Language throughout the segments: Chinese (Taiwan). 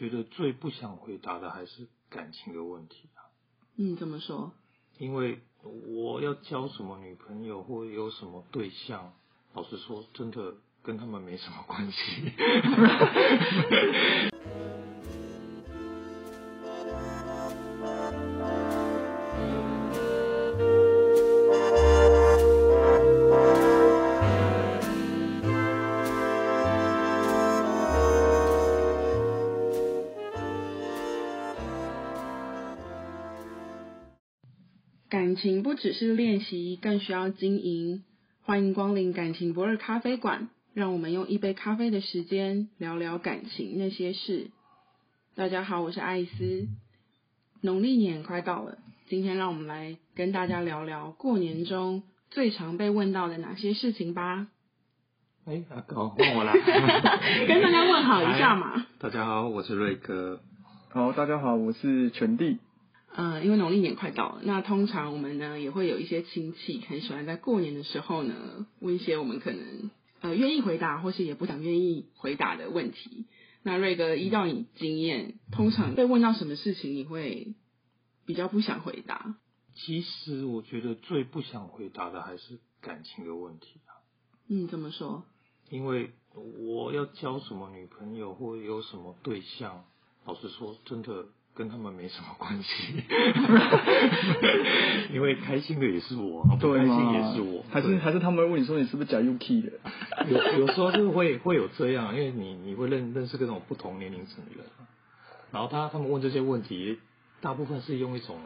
我覺得最不想回答的還是感情的問題啊。嗯，怎麼說？因為我要交什麼女朋友或有什麼對象，老實說，真的跟他們沒什麼關係。 感情不只是練習，更需要經營。歡迎光臨感情博爾咖啡館，讓我們用一杯咖啡的時間聊聊感情那些事。大家好，我是艾斯。農曆年快到了，今天讓我們來跟大家聊聊過年中最常被問到的哪些事情吧。哎，阿、啊、問我啦， 跟大家問好一下嘛。Hi, 大家好，我是瑞哥。好，大家好，我是全弟。呃，因為農曆年快到了，那通常我們呢也會有一些親戚很喜歡在過年的時候呢問一些我們可能呃願意回答，或是也不想願意回答的問題。那瑞哥，依照你經驗，嗯、通常被問到什麼事情你會比較不想回答？其實我覺得最不想回答的還是感情的問題啊。嗯，怎麼說？因為我要交什麼女朋友或有什麼對象，老實說，真的。跟他們沒什麼關係， 因為開心的也是我，對，不開心也是我，還是還是他們問你說，你是不是假 UK 的？有有時候就是會會有這樣，因為你你會認認識各種不同年齡層的人，然後他他們問這些問題，大部分是用一種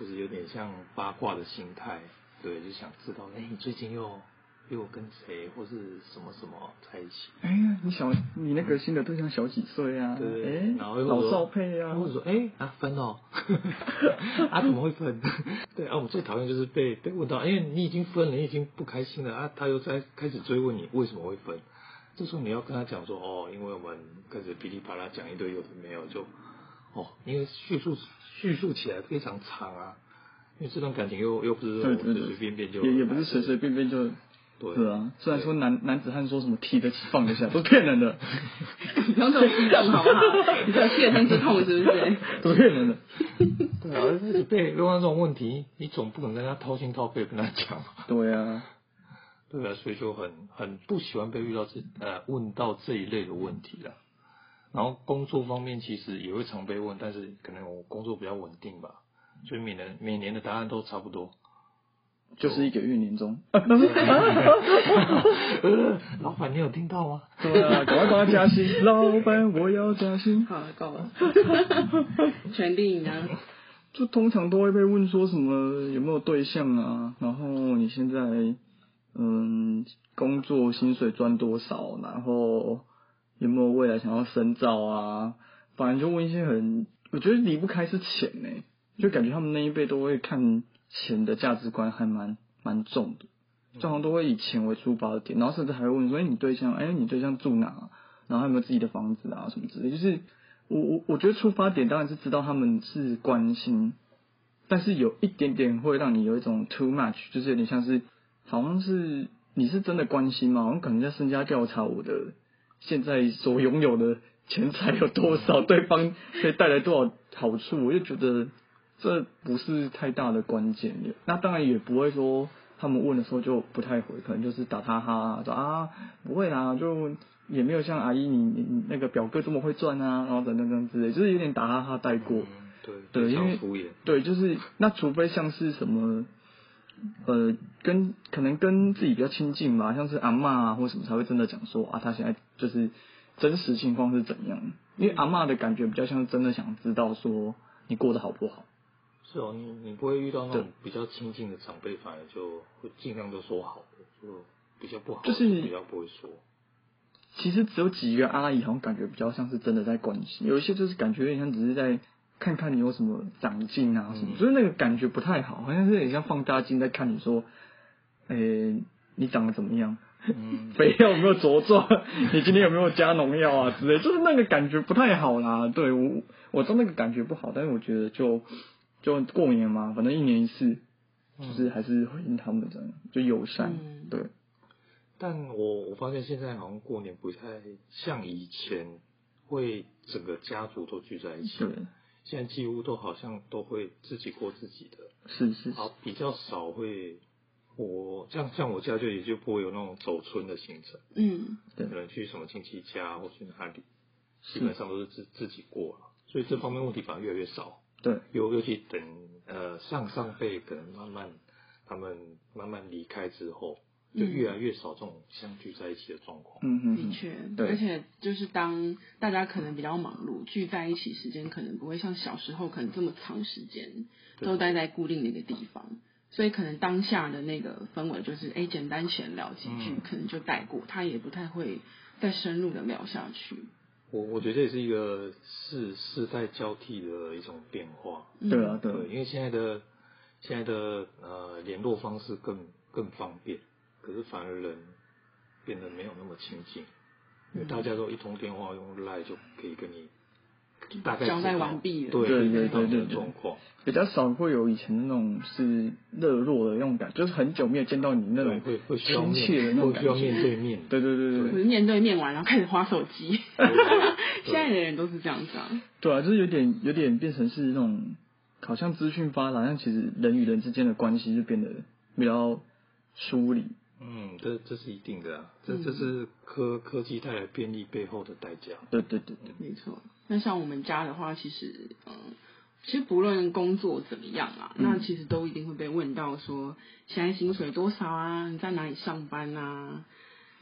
就是有點像八卦的心態，對，就想知道，哎、欸，你最近又。我跟誰或是什麼什麼在一起？哎呀，你想，你那個新的對象小幾歲啊？對，然後又老少配啊，或者說哎啊分哦，啊怎麼會分？對啊，我最討厭就是被被問到，因為你已經分了，你已經不開心了啊，他又在開始追問你為什麼會分。這時候你要跟他講說哦，因為我們開始噼里啪啦講一堆有的沒有就哦，因為敘述敘述起來非常長啊，因為這段感情又又不是說隨隨便便就也不是隨隨便便就。對啊，雖然說男對男子漢說什麼提得起放得下，都騙人的。你用 這種激動好啊，你知道切身之痛是不是？都是 騙人的。對啊，被遇到這種問題，你總不可能跟他掏心掏肺跟他講嘛。對啊，對啊，所以就很很不喜歡被遇到這呃問到這一類的問題啦。然後工作方面其實也會常被問，但是可能我工作比較穩定吧，所以每年每年的答案都差不多。就是一個月年終。老闆，你有聽到嗎？對、啊，趕快幫他加薪！老闆，我要加薪！好，夠了。 全力影啊，就通常都會被問說什麼有沒有對象啊，然後你現在嗯工作薪水賺多少，然後有沒有未來想要深造啊？反正就問一些很，我覺得離不開是錢呢、欸，就感覺他們那一輩都會看。錢的價值觀還蠻蠻重的，通常都會以錢為出發的點，然後甚至還會問說：“哎、欸，你對象，哎、欸，你對象住哪，啊？然後他有沒有自己的房子啊？什麼之類。”就是我我我覺得出發點當然是知道他們是關心，但是有一點點會讓你有一種 too much，就是有點像是好像是你是真的關心嗎？好像可能在身家調查我的現在所擁有的錢財有多少，對方可以帶來多少好處，我就覺得這不是太大的關鍵了，那當然也不會說他們問的時候就不太回，可能就是打哈哈說啊，不會啦，就也沒有像阿姨你你那個表哥這麼會賺，啊，然後等等等等之類，就是有點打哈哈帶過，對、嗯，對，對因為對，就是那除非像是什麼呃，跟可能跟自己比較親近吧，像是阿嬤啊或什麼才會真的講說啊，他現在就是真實情況是怎樣？因為阿嬤的感覺比較像是真的想知道說你過得好不好。是哦，你你不會遇到那種比較親近的長輩，對反而就會盡量都說好的，就比較不好，就是比較不會說，就是。其實只有幾個阿姨，好像感覺比較像是真的在關心，有一些就是感覺有點像只是在看看你有什麼長進啊什麼，嗯，所以那個感覺不太好，好像是很像放大鏡在看你說，誒、欸，你長得怎麼樣？嗯， 肥料有沒有茁壯？ 你今天有沒有加農藥啊之類？ 就是那個感覺不太好啦。對，我我知道那個感覺不好，但是我覺得就。就過年嘛，反正一年一次，嗯、就是還是會應他們這樣，就友善、嗯、對。但我我發現現在好像過年不太像以前，會整個家族都聚在一起。對現在幾乎都好像都會自己過自己的，是，是是，好比較少會我。我這樣，像我家就也就不會有那種走村的行程。嗯，對，可能去什麼親戚家或去哪裡，對基本上都是自是自己過了、啊，所以這方面問題反而越來越少。尤尤其等，呃，上上輩可能慢慢，他們慢慢離開之後，就越來越少這種相聚在一起的狀況，嗯。嗯嗯。的、嗯、確。對。而且就是當大家可能比較忙碌，聚在一起時間可能不會像小時候可能這麼長時間，都待在固定的一個地方，對所以可能當下的那個氛圍就是，哎，簡單閒聊幾句，嗯、可能就帶過，他也不太會再深入的聊下去。我我覺得這也是一個世世代交替的一種變化，對啊、嗯，對，因為現在的現在的呃聯絡方式更更方便，可是反而人變得沒有那麼親近，因為大家都一通電話用 Line 就可以跟你。交代完畢了，對對對對，對況比較少會有以前那種是熱絡的那種感覺，就是很久沒有見到你那種會會親切的那種感覺，就要面對面，對對對對，面對面玩，然後開始滑手機，現在的人都是這樣子啊，對啊，就是有點有點變成是那種好像資訊發達，但其實人與人之間的關係就變得比較疏離。嗯，這這是一定的、啊，這、嗯、這是科科技帶來便利背後的代價、啊。對對對,對、嗯、沒錯。那像我們家的話，其實嗯，其實不論工作怎麼樣啊，嗯、那其實都一定會被問到說，現在、嗯、薪水多少啊？你在哪裡上班啊？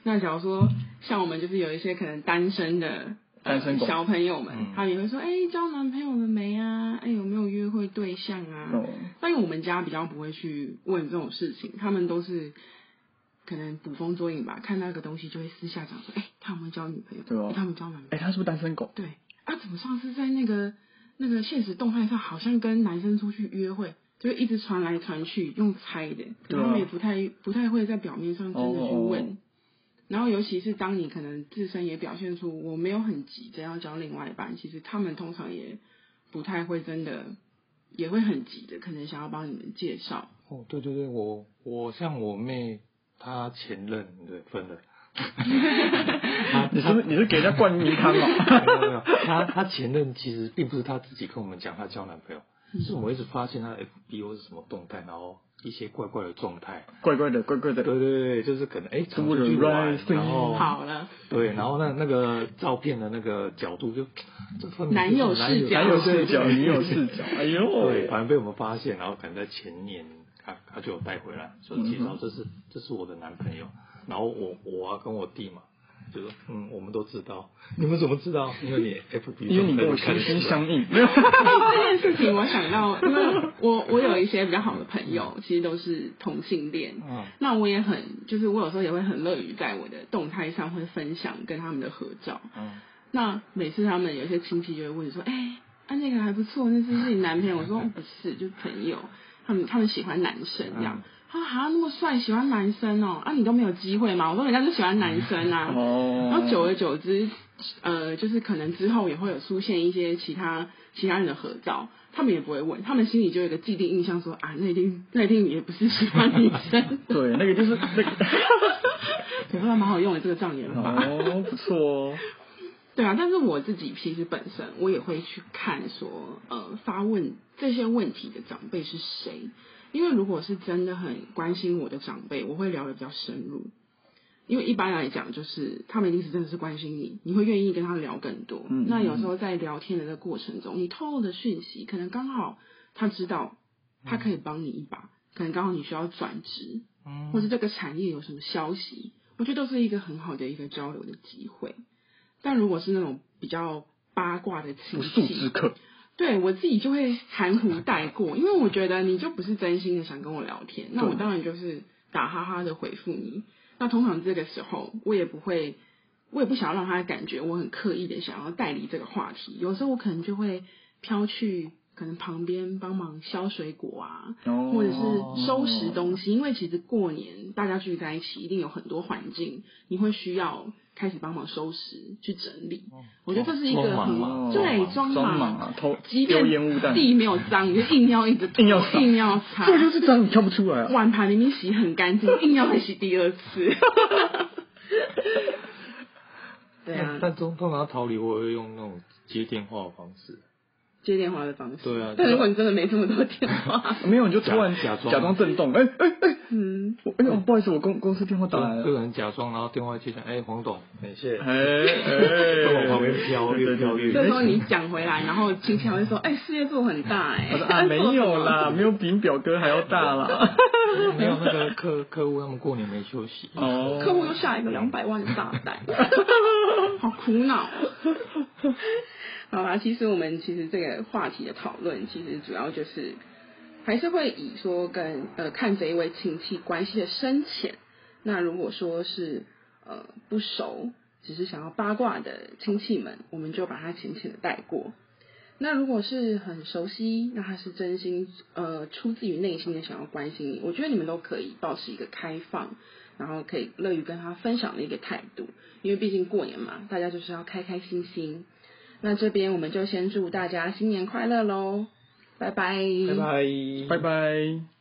那假如說像我們就是有一些可能單身的單身、嗯、小朋友們，嗯、他也會說，哎、欸，交男朋友了沒啊？哎、欸，有沒有約會對象啊？嗯、但是我們家比較不會去問這種事情，他們都是。可能捕風捉影吧，看到一個東西就會私下講說：“哎、欸，他有沒有交女朋友？他有沒有交男朋友？哎、欸，他是不是單身狗？”對啊，怎麼上次在那個那個現實動態上，好像跟男生出去約會，就一直傳來傳去，用猜的。對他們也不太、啊、不太會在表面上真的去問。Oh, oh, oh. 然後，尤其是當你可能自身也表現出我沒有很急著要交另外一半，其實他們通常也不太會真的也會很急的，可能想要幫你們介紹。哦，oh, 對對對，我我像我妹。他前任對，分了，你是不是你是給人家灌迷湯嗎？沒有沒有，他他前任其實並不是他自己跟我們講他交男朋友，是我們一直發現他 FBO 是什麼動態，然後一些怪怪的狀態，怪怪的，怪怪的，對對對，就是可能哎，突然人 r 然後好了，對，然後那那個照片的那個角度就，就分男友視角，男友視角，女友視角，哎呦，對，反正被我們發現，然後可能在前年。他他就帶回來，說：“介紹這是這是我的男朋友。”然後我我啊，跟我弟嘛，就說：“嗯，我們都知道，你們怎麼知道？因為你 F B，因為你跟我全身相應。”沒有這件事情，我想到，因為我我有一些比較好的朋友，其實都是同性戀。嗯，那我也很，就是我有時候也會很樂於在我的動態上會分享跟他們的合照。嗯，那每次他們有些親戚就會問說：“哎，啊，那個還不錯，那是不是你男朋友？” 我說：“不是，就是朋友。”他們他們喜歡男生這樣，啊，那麼帥，喜歡男生哦，喔，啊，你都沒有機會嗎？我說人家就喜歡男生啊，oh. 然後久而久之，呃，就是可能之後也會有出現一些其他其他人的合照，他們也不會問，他們心裡就有一個既定印象說，說啊，那一定那一定也不是喜歡女生， 對，那個就是那個，我覺得蠻好用的這個障眼法，oh, 哦，不錯哦。對啊，但是我自己其實本身我也會去看說，呃，發問這些問題的長輩是誰，因為如果是真的很關心我的長輩，我會聊得比較深入。因為一般來講，就是他們一定是真的是關心你，你會願意跟他聊更多。嗯嗯，那有時候在聊天的這個過程中，你透露的訊息，可能剛好他知道，他可以幫你一把，可能剛好你需要轉職，或是這個產業有什麼消息，我覺得都是一個很好的一個交流的機會。但如果是那種比較八卦的親戚、不速之客，對我自己就會含糊帶過，因為我覺得你就不是真心的想跟我聊天，那我當然就是打哈哈的回復你。對那通常這個時候，我也不會，我也不想讓他感覺我很刻意的想要帶離這個話題。有時候我可能就會飄去，可能旁邊幫忙削水果啊，或者是收拾東西，因為其實過年大家聚在一起，一定有很多環境，你會需要開始幫忙收拾、去整理。我覺得這是一個很對，裝忙，即便地沒有髒，你硬要一直硬要硬要擦，這就是髒，你看不出來啊。碗盤明明洗很乾淨，硬要再洗第二次。對啊，但通通常要逃離我會用那種接電話的方式。接電話的方式，對啊，但如果你真的沒這麼多電話，沒有你就突然假裝假裝震動，哎哎哎，嗯，哎呦，不好意思，我公公司電話打來了，個人假裝，然後電話接上，哎，黃董，感謝，哎哎，就往旁邊飄，越飄越，就是說你講回來，然後親戚會說，哎，事業做很大哎，我說啊沒有啦，沒有比表哥還要大啦，沒有那個客客戶他們過年沒休息，哦，客戶又下一個兩百萬的大單，好苦惱。好吧，其實我們其實這個話題的討論，其實主要就是還是會以說跟呃看著一位親戚關係的深淺。那如果說是呃不熟，只是想要八卦的親戚們，我們就把它淺淺的帶過。那如果是很熟悉，那他是真心呃出自於內心的想要關心你，我覺得你們都可以保持一個開放，然後可以樂於跟他分享的一個態度，因為畢竟過年嘛，大家就是要開開心心。那這邊我們就先祝大家新年快樂嘍，拜拜。拜拜，拜拜。拜拜。